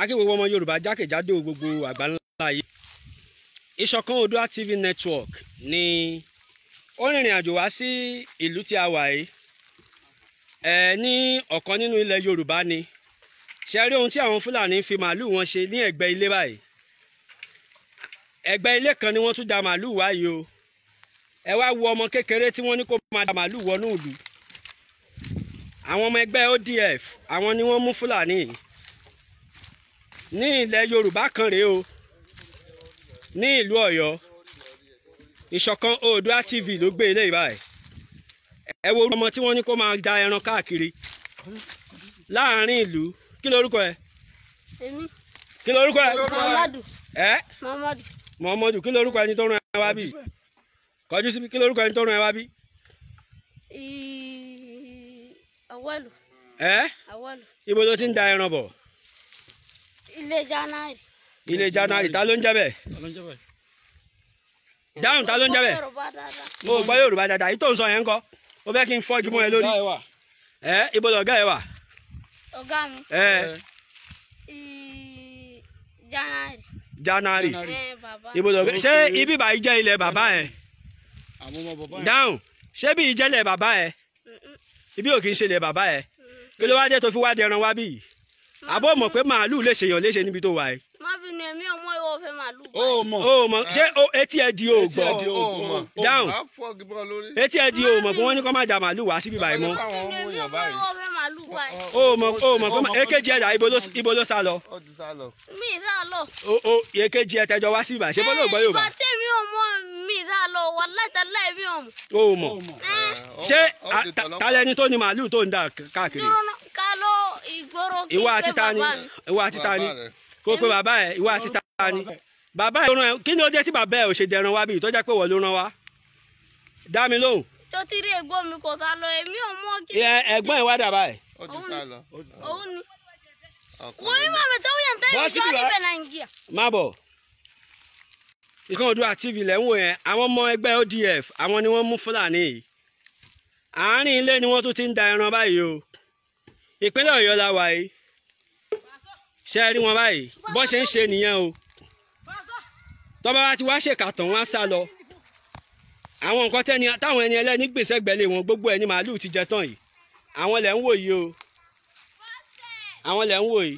akíwòwò ọmọ yorùbá jákèjádò gbogbo àgbáńlá ayé ìṣọ̀kan Oòduà TV network ni ó rìnrìn àjò wá sí ìlú tí a wà yìí ẹ ní ọ̀kan nínú ilẹ̀ yorùbá ni ṣe rí ohun tí àwọn fúlàní fi màálùú wọn ṣe ní ẹ̀gbẹ́ ilé báyìí ẹ̀gbẹ́ ilé kan ni wọ́n tún da màálùú wá yìí o ẹ wá wo ọmọ kékeré tí wọ́n ní kó máa da màálùú wọnú ìlú àwọn ọmọ ẹgbẹ́ ODF àwọn ni wọ́n mú fúlàní yìí ní ilẹ̀ Yorùbá kan rèé o ní ìlú Ọ̀yọ́ ìṣọ̀kan Oòduà TV ló gbé ilé ìbáyìí ẹ wo ọmọ tí wọ́n ní kó máa da ẹran káàkiri láàárín ìlú kí lorúkọ ẹ kí lorúkọ ẹ ẹ Muhammadu kí lorúkọ ẹni tó rán ẹ wá bí kọjú síbi kí lorúkọ ẹni tó rán ẹ wá bí. Awalu. ẹ Awalu. ibo ló ti ń da ẹran bọ̀ ilé janari. ilé janari. ta ló ń jẹ́ bẹ́ẹ̀. ta ló ń jẹ́ bẹ́ẹ̀. dáhùn ta ló ń jẹ́ mo gbọ́ yorùbá dáadáa yìí tó ń sọ yẹn ń kọ́ ó fẹ́ kí n fọ́jú mọ́ ẹ lórí. ẹ ibo lọ̀gá ẹ wà. ọ̀gá mi. ẹ january. january ibo lọ̀gá ṣé ibi báyìí jẹ́ ilẹ̀ bàbá ẹ. dáhùn ṣé bí ìjẹ́lẹ̀ bàbá ẹ ibi ò kì í ṣe ilẹ̀ bàbá ẹ kí ló wá dé tó fi wá dẹran wá bí yìí àbọ̀ mọ̀ pé màálù lè ṣèyàn léṣe níbi tó wà ẹ́. má bínú èmi ò mọ ìwọ fẹ́ màálù. o mọ o mọ ṣé etí ẹ di òògbọ dáhùn etí ẹ di òòmọ pé wọn ní kó má ja màálù wá síbi báyìí mọ. o mọ o mọ pé èkejì ẹ̀dá ibo ló sá lọ. mi ìlà lọ. o èkejì ẹ̀ tẹjọ wá síbi báyìí ṣé bọ́ ló gbọ́ Yorùbá. bàtẹ́ mi ò mọ mi ìlà lọ wà látàlá ẹ̀mí ò mọ. o eh? mọ ṣé talẹ́ni tó ni màálù tó ń ìwọ àti ta ni ìwọ àti ta ni kó pe bàbá ẹ ìwọ àti ta ni bàbá ẹ ràn ẹ kí ni ó dé tí bàbá ẹ ò ṣe dẹran wá bí ìtọ́jà pé wọ́n ló ràn wá dá mi lóhùn. tó ti rí ẹ̀gbọ́n mi kò sá lọ èmi ò mọ kí. ẹ̀gbọ́n ẹ wá dàbá ẹ. ó ti sá lọ. òun ni wọ́n mi máa bẹ̀ sẹ́wọ́n yẹn tẹ́lẹ̀ ìjọ níbẹ̀ nàìjíríà. má bọ̀ ìkan Oòduà TV lẹ̀ ń wò yẹn àwọn ọmọ ẹgbẹ́ ODF àwọn ni wọ́n mú Fúlàní yìí àárín ilé ni wọ́n tún ti ń da ẹran báyìí o ìpínlẹ̀ ọ̀yọ́ la wà yìí ṣe rí wọn báyìí bó ṣe ń ṣe nìyẹn o tọ́ba wa ti wá ṣèkà tán wọ́n á sá lọ àwọn nǹkan tẹ́ni táwọn ẹni ẹlẹ́ni gbèsè gbẹ̀lẹ̀ wọn gbogbo ẹni màálùú ti jẹ tán yìí àwọn lẹ̀ ń wò yìí o àwọn lẹ̀ ń wò yìí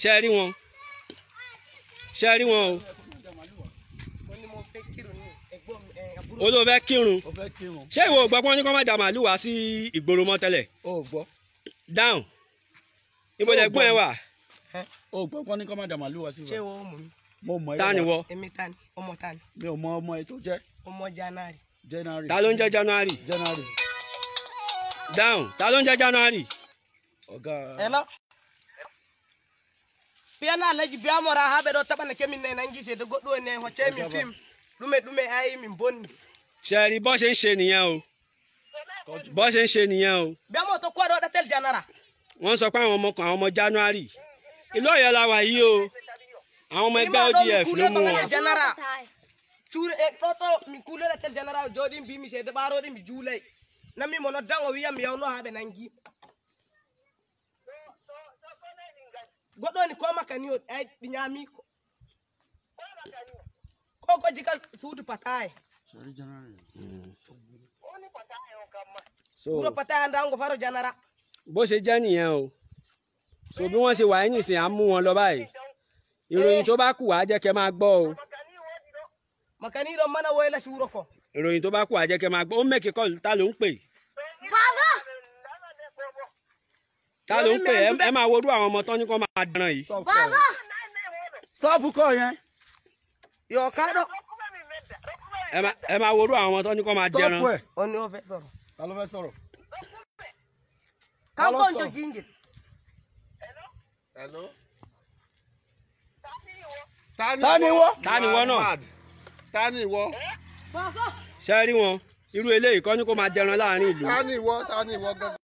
ṣe rí wọn ṣe rí wọn o o ló fẹ́ kírun ṣé ìwọ ò gbọ́ pé wọ́n ní kó má da màálù wá sí ìgboro mọ́ tẹ́lẹ̀. o ò gbọ́. dáhùn ibo lẹ ẹ wà. o ò gbọ́ pé ní kó má da màálù wá sí ìgboro. ṣé ìwọ ò mi. mo mọ̀ ẹ wà tani wọ. èmi tani ọmọ tani. mi ò mọ ọmọ ẹ tó jẹ́. ọmọ January. January. ta ló ń jẹ́ January. January. dáhùn ta ló ń jẹ́ January. ọ̀gá. ẹ lọ piyana alaji biyamora ha ɓe ɗo taɓana kemi nanayi gise to goɗɗo ne hoccemi film dúmẹdúmẹ ayé mi bóni. sẹ́ẹ̀rì bọ́ ṣe ń ṣe nìyẹn o bọ́ ṣe ń ṣe nìyẹn o. bẹ́ẹ̀ mọ̀ tó kọ́ ọ̀dọ́ tẹ́lẹ̀ janara. wọ́n sọ pé àwọn ọmọ kan àwọn ọmọ january ìlú ọ̀yọ́ la wà yìí o àwọn ọmọ ẹgbẹ́ odf ló mú wọn. cure e eh, toto mi kule la tel janara jodin bi mi se de baro de mi julay na mi mono dango wiya mi yawno habe nangi goɗɗo ni ko makka ni o ko ji ka sudu patai so patai anda ngo faro janara bó ṣe jẹ́ nìyẹn o so bí wọ́n ṣe wà ẹ́ nìsín à ń mú wọn lọ báyìí ìròyìn tó bá kù wá jẹ́ kẹ́ máa gbọ́ o. makani ló mọ́nà wọ́n lẹ́sìn wúrọ̀ kọ. ìròyìn tó bá kù wá jẹ́ kẹ́ máa gbọ́ ó mẹ́kì kọ́ ta ló ń pè. bàbá. ta ló ń pè ẹ máa wo irú àwọn ọmọ tán ní kó máa dáràn yìí. bàbá. stop kọ yẹn yọ̀ọ̀ká náà ẹ máa worú àwọn tó ní kó máa jẹran. tọ́pù ẹ̀ ọ ni wọ́n fẹ́ sọ̀rọ̀. ta ló fẹ́ sọ̀rọ̀. káwọn kò ń jọ jíǹgì. ta ni wọ́. ta ni wọ́ náà. ta ni wọ́. ṣe rí wọn irú eléyìí kọ́ ni kó máa jẹran láàrin ìlú. ta ni wọ́ ta ni wọ́ gangan.